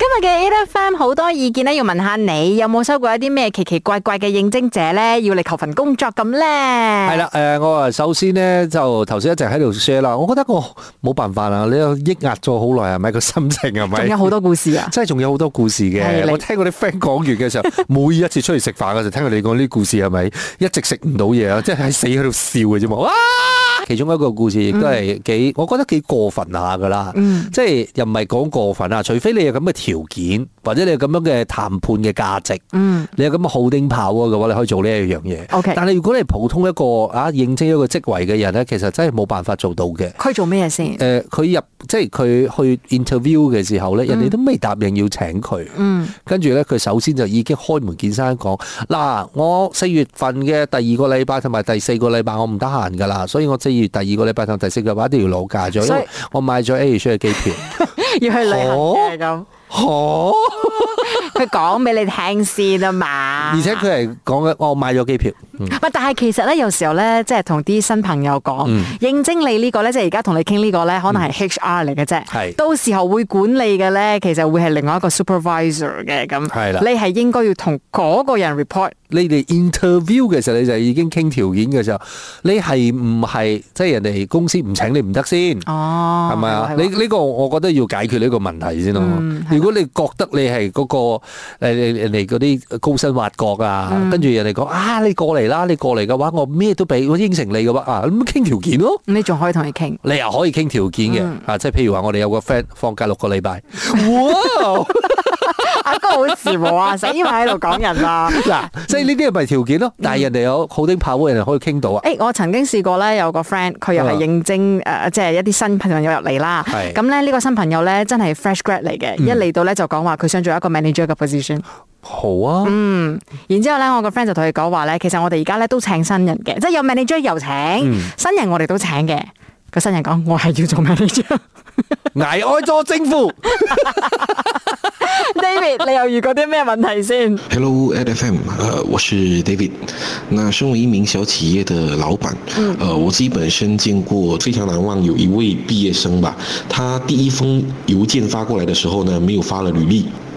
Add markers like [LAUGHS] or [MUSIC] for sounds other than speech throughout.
今日嘅 Air FM 好多意見咧，要問下你有冇收過一啲咩奇奇怪怪嘅應徵者咧，要嚟求份工作咁咧？係啦，誒、呃，我啊首先咧就頭先一直喺度 share 啦，我覺得我冇、哦、辦法啦，你抑壓咗好耐係咪？個心情係咪？仲有好多故事啊！即係仲有好多故事嘅。你我聽我啲 friend 講完嘅時候，每一次出去食飯嘅時候， [LAUGHS] 聽佢哋講啲故事係咪？一直食唔到嘢啊！即係喺死喺度笑嘅啫嘛。哇，其中一個故事亦都係幾，嗯、我覺得幾過分下噶啦。嗯、即係又唔係講過分啊？除非你有咁嘅條件或者你有咁樣嘅談判嘅價值，嗯，你有咁嘅號定炮嘅話，你可以做呢一樣嘢。嗯、o、okay, K，但係如果你係普通一個啊，應徵一個職位嘅人咧，其實真係冇辦法做到嘅。佢做咩嘢先？誒、呃，佢入即係佢去 interview 嘅時候咧，人哋都未答應要請佢。跟住咧，佢首先就已經開門見山講：嗱、嗯，我四月份嘅第二個禮拜同埋第四個禮拜我唔得閒噶啦，所以我四月第二個禮拜同第四個禮拜一定要攞假咗，以因為我買咗 a i r 嘅機票。 [LAUGHS] 要去你咁好。好，佢講俾你聽先啊嘛， [LAUGHS] 而且佢係講嘅，我買咗機票。唔、嗯、但係其實咧，有時候咧，即係同啲新朋友講，認證你呢、呢個咧，即係而家同你傾呢、呢個咧，可能係 HR 嚟嘅啫。係，嗯、到時候會管理嘅咧，其實會係另外一個 supervisor 嘅咁。係啦，你係應該要同嗰個人 report。你哋 interview 嘅時候，你就已經傾條件嘅時候，你係唔係即係人哋公司唔請你唔得先？哦，係咪啊？吧你呢、呢個我覺得要解決呢個問題先咯、啊。嗯、如果你覺得你係嗰、嗰個人哋嗰啲高薪挖角啊，跟住、嗯、人哋講啊，你過嚟啦，你過嚟嘅話我咩都俾，我，我，我應承你嘅話啊，咁、嗯、傾條件咯。你仲可以同佢傾，你又可以傾條件嘅、嗯、啊！即係譬如話，我哋有個 friend 放假六個禮拜。 [LAUGHS] 一個好自髦啊！死埋喺度講人啊。嗱，所以呢啲係咪條件咯？但係人哋有好啲 p o 人哋可以傾到啊！誒，我曾經試過咧，有個 friend，佢又係應徵誒，即係一啲新朋友入嚟啦。係咁咧，呢個新朋友咧真係 fresh grad 嚟嘅，一嚟到咧就講話佢想做一個 manager 嘅 position。好啊。嗯。然之後咧，我個 friend 就同佢講話咧，其實我哋而家咧都請新人嘅，即係有 manager 又請新人，我哋都請嘅。個新人講：我係要做 manager，危害咗政府。 [LAUGHS] David，你又遇過啲咩問題先？Hello，Ed FM，誒、呃，我是 David。那身為一名小企業的老闆，誒、呃，我自己本身見過非常難忘有一位畢業生吧。他第一封郵件發過來的時候呢，沒有發了履歷。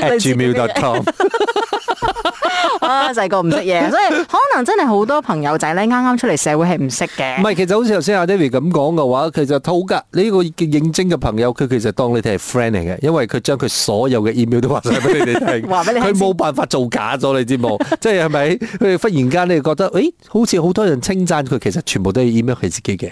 at gmail dot com。啊，細個唔識嘢，所以可能真係好多朋友仔咧，啱啱出嚟社會係唔識嘅。唔係，其實好似頭先阿 David 咁講嘅話，其實濤哥你呢個認征嘅朋友，佢其實當你哋係 friend 嚟嘅，因為佢將佢所有嘅 email 都話晒俾你哋聽，話俾你佢冇辦法造假咗你知冇？即係係咪？佢忽然間你哋覺得，誒，好似好多人稱讚佢，其實全部都係 email 佢自己嘅。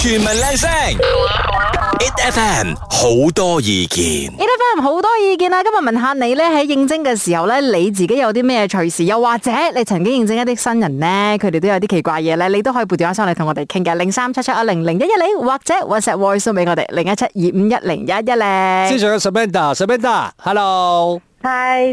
全民靚聲 e d FM 好多意見 e d FM 好多意見啊！今日問下你咧，喺應徵嘅時候咧，你自己有啲咩趣事？又或者你曾經應徵一啲新人咧，佢哋都有啲奇怪嘢咧，你都可以撥電話上嚟同我哋傾偈。零三七七一零零一一零，或者 WhatsApp voice 俾我哋零一七二五一零一一零。線上嘅 Samantha，Samantha，Hello。係，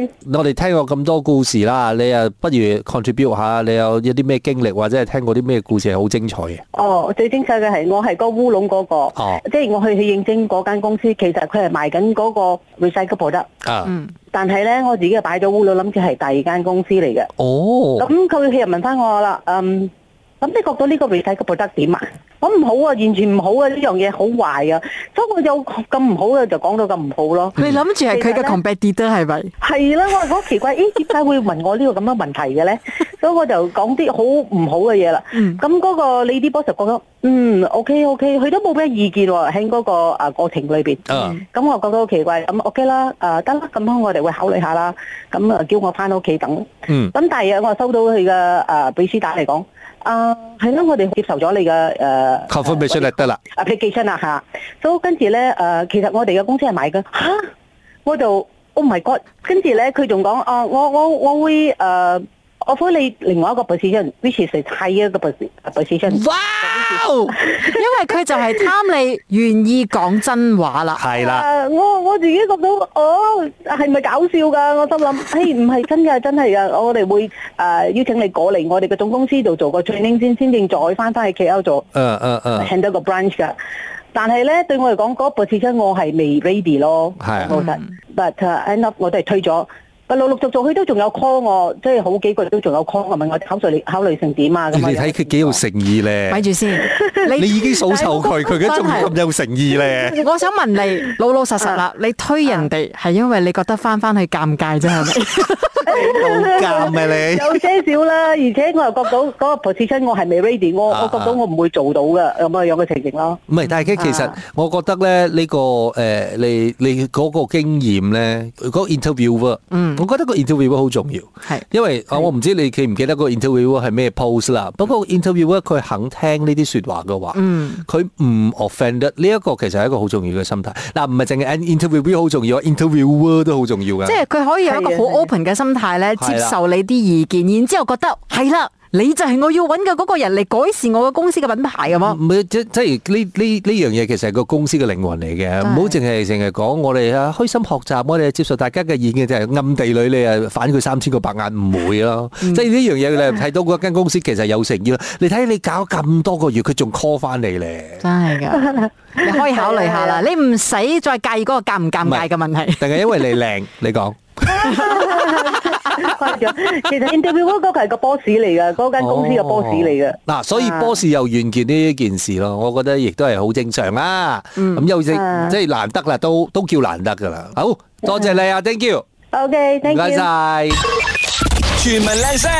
Hi 我哋聽過咁多故事啦，你啊不如 contribute 下，你有一啲咩經歷或者係聽過啲咩故事係好精彩嘅？哦，最精彩嘅係我係個烏龍嗰個，哦、即係我去去應徵嗰間公司，其實佢係賣緊嗰個 r e s e a r c l e 的、哦，嗯，但係咧我自己就擺咗烏龍，諗住係第二間公司嚟嘅，哦，咁佢又問翻我啦，嗯。咁你覺得呢個媒體嘉保得點啊？我唔好啊，完全唔好啊！呢樣嘢好壞啊，所以我有咁唔好嘅就講到咁唔好咯。你諗住係佢嘅 competitor 係咪？係啦，我好奇怪，誒點解會問我呢個咁嘅問題嘅咧？所以我就講啲好唔好嘅嘢啦。咁嗰個 Lady Boss 就覺得，嗯，OK OK，佢都冇咩意見喎，喺嗰個啊過程裏邊。咁我覺得好奇怪，咁 OK 啦，誒得啦，咁樣我哋會考慮下啦。咁啊叫我翻到屋企等。咁第二日我收到佢嘅啊俾私底嚟講。啊，係啦，我哋接受咗你嘅，誒，客戶畀出嚟得啦，啊，你寄信啦吓，所以跟住咧，誒，其實我哋嘅公司係買嘅，吓，我就，oh my god，跟住咧，佢仲講，啊，我我我會，誒。我估你另外一個 position，which is the higher position position。哇！因為佢就係貪你願意講真話啦，係啦。我我自己覺得，哦，係咪搞笑噶？我心諗，嘿，唔係真㗎，真係㗎。我哋會誒邀請你過嚟我哋嘅總公司度做個 training 先，先正再翻返去 K O 做。嗯嗯嗯。handle 個 branch 㗎，但係咧，對我嚟講，嗰個 position 我係未 ready 咯，係冇錯。But enough，我哋推咗。個陸陸續續佢都仲有 call 我，即係好幾個月都仲有 call 我問我考慮考慮成點啊，咁你睇佢幾有誠意咧？咪住先，你已經數臭佢，佢點仲會咁有誠意咧？我想問你老老實實啦，你推人哋係因為你覺得翻翻去尷尬啫，係咪？尷尬咩？你有些少啦，而且我又覺得嗰個 position 我係未 ready，我我覺得我唔會做到嘅咁樣樣嘅情形咯。唔係，但係佢其實我覺得咧，呢個誒你你嗰個經驗咧，嗰 interviewer 嗯。我覺得個 interview 好重要，是因為我唔知你記唔記得個 interview 係咩 pose 啦是。不過 interview 佢肯聽呢啲說話嘅話，佢唔、嗯、offend 呢一個其實係一個好重要嘅心態。嗱、啊，唔係淨係 an interview 好重要，interviewer 都好重要㗎。即係佢可以有一個好 open 嘅心態咧，的接受你啲意見，的然之後覺得係啦。你就係我要揾嘅嗰個人嚟，改善我嘅公司嘅品牌，係嘛？唔係即即係呢呢呢樣嘢，其實係個公司嘅靈魂嚟嘅，唔好淨係成日講我哋啊開心學習，我哋接受大家嘅意見，就係暗地裏你啊反佢三千個白眼唔會咯。即係呢樣嘢咧，你睇到嗰間公司其實有誠意咯。你睇你搞咁多個月，佢仲 call 翻你咧，真係噶，你可以考慮下啦。你唔使再介意嗰個尷唔尷尬嘅問題，定係因為你靚，你講。誇張，其實 Interviewer 哥係個 boss 嚟噶，嗰間公司個 boss 嚟噶。嗱，所以 boss 又完結呢件事咯，我覺得亦都係好正常啦。咁又係，即係難得啦，都都叫難得噶啦。好多謝你啊，Thank you。OK，thank you。唔該晒。全民靚聲。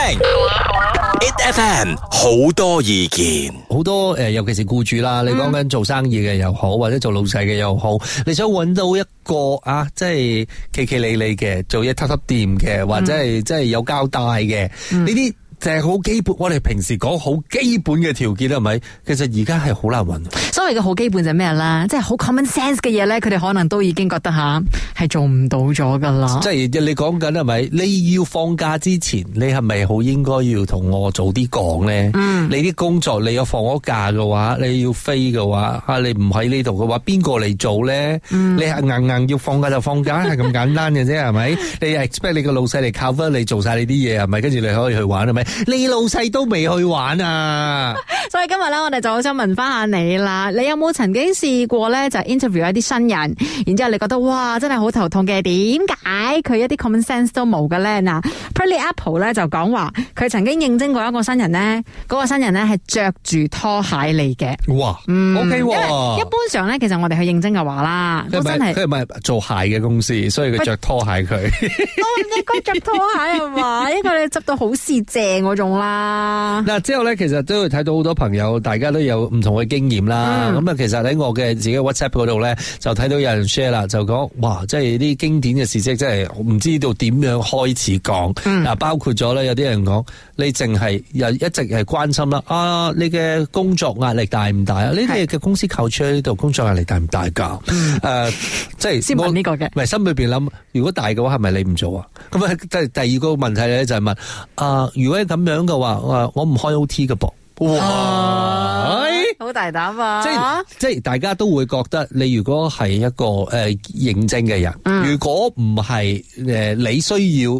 it fm 好多意見，好多誒、呃，尤其是僱主啦。你講緊做生意嘅，又好，嗯、或者做老細嘅又好，你想揾到一個啊，即係企企理理嘅，做嘢撻得掂嘅，或者係即係有交帶嘅呢啲。嗯就係好基本，我哋平時講好基本嘅條件係咪？其實而家係好難搵。所謂嘅好基本就係咩啦？即係好 common sense 嘅嘢咧，佢哋可能都已經覺得吓係做唔到咗噶啦。即係你講緊係咪？你要放假之前，你係咪好應該要同我早啲講咧？嗯、你啲工作，你有放咗假嘅話，你要飛嘅話，吓你唔喺呢度嘅話，邊個嚟做咧？嗯、你係硬硬要放假就放假，係咁 [LAUGHS] 簡單嘅啫，係咪？你 expect 你個老細嚟 cover 你做晒你啲嘢，係咪？跟住你可以去玩係咪？是你老細都未去玩啊！ [LAUGHS] 所以今日咧，我哋就好想問翻下你啦。你有冇曾經試過咧，就 interview 一啲新人，然之後你覺得哇，真係好頭痛嘅，點解佢一啲 common sense 都冇嘅咧？嗱 [LAUGHS] ，Perry Apple 咧就講話，佢曾經應徵過一個新人咧，嗰、嗰個新人咧係着住拖鞋嚟嘅。哇，O K，一般上咧，其實我哋去應徵嘅話啦，佢係唔係都真係佢唔係做鞋嘅公司，所以佢着拖鞋佢。哦不，唔應該着拖鞋係嘛？因為你執到好四正。種啦，嗱，之後咧，其實都會睇到好多朋友，大家都有唔同嘅經驗啦。咁啊、嗯，其實喺我嘅自己 WhatsApp 度咧，就睇到有人 share 啦，就講哇，即係啲經典嘅事跡，即係唔知道點樣開始講。嗱、嗯，包括咗咧，有啲人講，你淨係一一直係關心啦，啊，你嘅工作壓力大唔大啊？呢啲嘅公司扣出喺呢度工作壓力大唔大噶？誒 [LAUGHS] 我，即係先講呢個嘅，唔係心裏邊諗，如果大嘅話，係咪你唔做啊？咁啊，第第二個問題咧就係問啊，如果咁樣嘅話，我我唔開 O T 嘅噃。哇。啊好大膽啊！即係即係，大家都會覺得你如果係一個誒、呃、認真嘅人，嗯、如果唔係誒你需要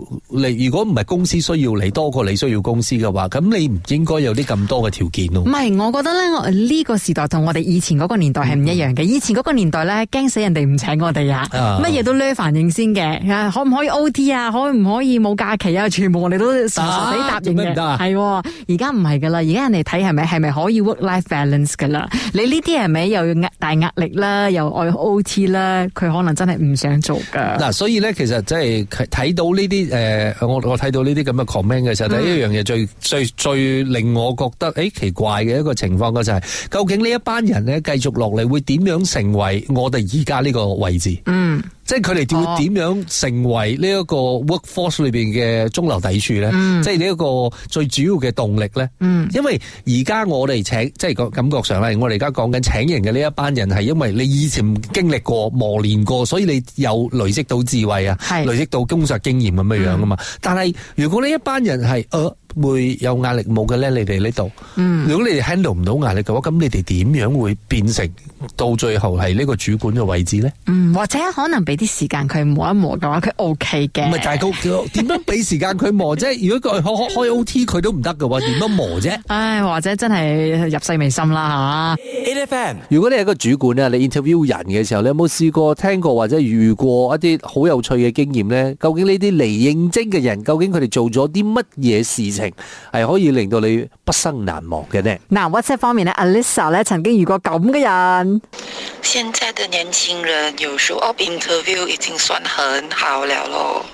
你，如果唔係公司需要你多過你需要公司嘅話，咁你唔應該有啲咁多嘅條件咯、啊。唔係，我覺得咧，呢、這個時代同我哋以前嗰個年代係唔一樣嘅。嗯、以前嗰個年代咧，驚死人哋唔請我哋啊，乜嘢、啊、都咧反應先嘅，可唔可以 O T 啊？可唔可以冇假期啊？全部我哋都實實地答應嘅。係、啊，而、啊哦、家唔係噶啦，而家人哋睇係咪係咪可以 work life balance。噶啦，你呢啲係咪又要壓大壓力啦，又愛 OT 啦，佢可能真係唔想做噶。嗱，所以咧，其實真係睇到呢啲誒，我我睇到呢啲咁嘅 comment 嘅時候，第一樣嘢最最最令我覺得誒奇怪嘅一個情況嘅就係，究竟呢一班人咧繼續落嚟會點樣成為我哋而家呢個位置？嗯。即係佢哋會點樣成為呢一個 workforce 裏邊嘅中流砥柱咧？嗯、即係呢一個最主要嘅動力咧？嗯、因為而家我哋請，即係個感覺上咧，我哋而家講緊請人嘅呢一班人係因為你以前經歷過磨練過，所以你有累積到智慧啊，是累積到工作經驗咁樣樣噶嘛。嗯、但係如果呢一班人係，誒、呃。會有壓力冇嘅咧？你哋呢度，嗯、如果你哋 handle 唔到壓力嘅話，咁你哋點樣會變成到最後係呢個主管嘅位置咧、嗯？或者可能俾啲時間佢磨一磨嘅話，佢 O K 嘅。唔係，但係佢佢點樣俾時間佢磨啫？ [LAUGHS] 如果佢開開 O T 佢都唔得嘅話，點樣磨啫？唉、哎，或者真係入世未深啦，吓！A N，如果你係一個主管啊，你 interview 人嘅時候，你有冇試過聽過或者遇過一啲好有趣嘅經驗咧？究竟呢啲嚟應徵嘅人，究竟佢哋做咗啲乜嘢事情？係可以令到你不生難忘嘅咧。嗱，WhatsApp 方面呢 a l i s a 咧，曾經遇過咁嘅人。現在的年輕人有時候 up i n t e r v i e w 已經算很好了咯。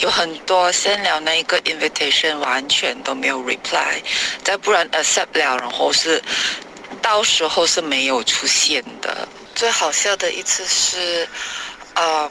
有很多先聊那個個 invitation，完全都沒有 reply，再不然 accept 了，然後是到時候是沒有出現的。最好笑的一次是，呃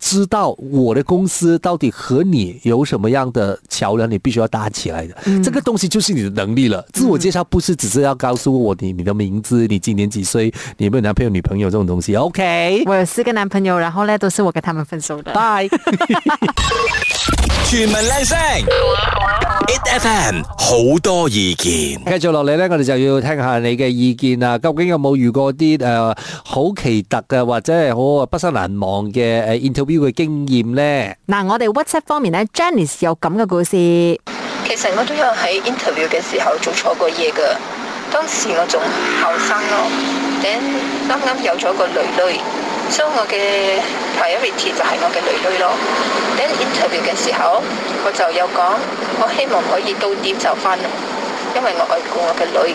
知道我的公司到底和你有什麼樣的橋梁，你必須要搭起來的。嗯、這個東西就是你的能力了。自我介紹不是只是要告訴我你你的名字，你今年幾歲，你有沒有男朋友女朋友這種東西。O、okay、K，我有四個男朋友，然後呢都是我跟他們分手的。拜 Bye。 [LAUGHS] 全民靚聲，It FM 好多意見。繼續落嚟呢，我哋就要聽下你嘅意見啊！究竟有冇遇過啲誒、呃、好奇特嘅或者係好畢生難忘嘅誒、呃、interview？標嘅經驗咧，嗱，我哋 WhatsApp 方面咧，Janice 有咁嘅故事。其實我都有喺 interview 嘅時候做錯過嘢噶當時我仲後生咯，等啱啱有咗個女女，所以我嘅 priority 就係我嘅女女咯。等 interview 嘅時候，我就有講，我希望可以到點就返咯，因為我愛顧我嘅女。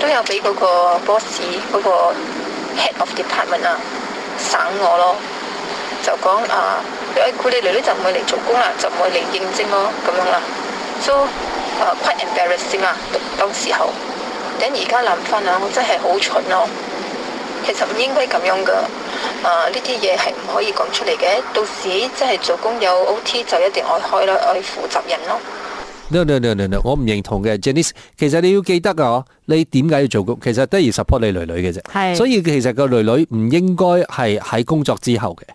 都有俾嗰個 boss 嗰個 head of department 啊，省我咯。就講啊，因為佢哋女女就唔會嚟做工啦，就唔會嚟應徵咯，咁樣啦，都啊 quite embarrassing 先啦，當時候。等而家諗翻啊，我真係好蠢咯。其實唔應該咁樣噶，啊呢啲嘢係唔可以講出嚟嘅。到時即係做工有 OT 就一定愛開啦，愛負責任咯。No no no no no，我唔認同嘅，Jennice。其實你要記得啊，你點解要做工？其實都係 support 你女女嘅啫，係。所以其實個女女唔應該係喺工作之後嘅。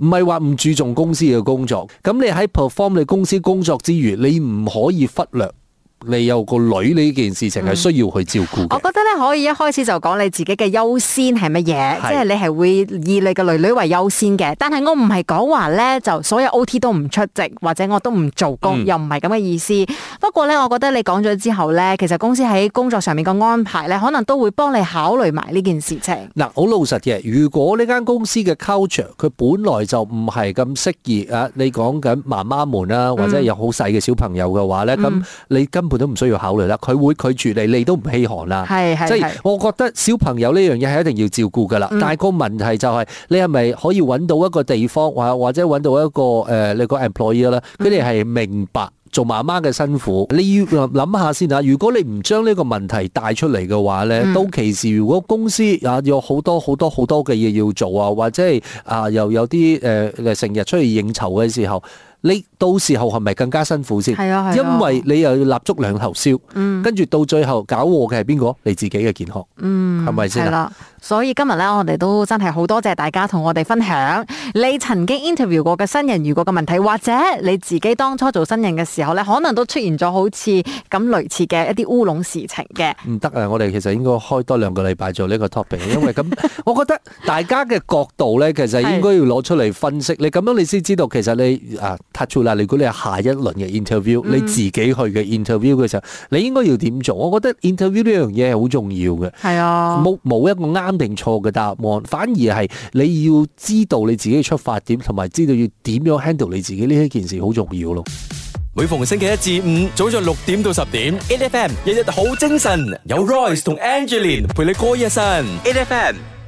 唔係話唔注重公司嘅工作，咁你喺 perform 你公司工作之餘，你唔可以忽略。你有個女呢件事情係需要去照顧，嗯，我覺得咧，可以一開始就講你自己嘅優先係乜嘢，即係是你係會以你嘅女女為優先嘅。但係我唔係講話咧，就所有 O T 都唔出席，或者我都唔做工，又唔係咁嘅意思。嗯、不過咧，我覺得你講咗之後咧，其實公司喺工作上面個安排咧，可能都會幫你考慮埋呢件事情。嗱、嗯，好老實嘅，如果呢間公司嘅 culture 佢本來就唔係咁適宜啊，你講緊媽媽們啊或者有好細嘅小朋友嘅話咧，咁、嗯、你根。都唔需要考慮啦，佢會拒絕你，你都唔稀罕啦。係係，即係我覺得小朋友呢樣嘢係一定要照顧噶啦。嗯、但係個問題就係、係，你係咪可以揾到一個地方，或或者揾到一個誒、呃、你個 employee 咧，佢哋係明白做媽媽嘅辛苦。嗯、你要諗下先啊！如果你唔將呢個問題帶出嚟嘅話咧，都、嗯、其時如果公司啊有好多好多好多嘅嘢要做啊，或者係啊又有啲誒成日出去應酬嘅時候。你到時候係咪更加辛苦先？係啊，係啊。因為你又要蠟燭兩頭燒，嗯，跟住到最後搞禍嘅係邊個？你自己嘅健康，嗯，係咪先啦？係啦，所以今日咧，我哋都真係好多謝大家同我哋分享你曾經 interview 過嘅新人遇過嘅問題，或者你自己當初做新人嘅時候咧，可能都出現咗好似咁類似嘅一啲烏龍事情嘅。唔得啊！我哋其實應該開多兩個禮拜做呢個 topic，因為咁，我覺得大家嘅角度咧，其實應該要攞出嚟分析。你咁樣，你先知道其實你啊。出啦！如果你係下一輪嘅 interview，你自己去嘅 interview 嘅時候，嗯、你應該要點做？我覺得 interview 呢樣嘢係好重要嘅。係是啊，冇冇一個啱定錯嘅答案，反而係你要知道你自己嘅出發點，同埋知道要點樣 handle 你自己呢一件事，好重要咯。每逢星期一至五早上六點到十點，NFM 日日好精神，有 Royce 同 Angelin 陪你過一生，NFM。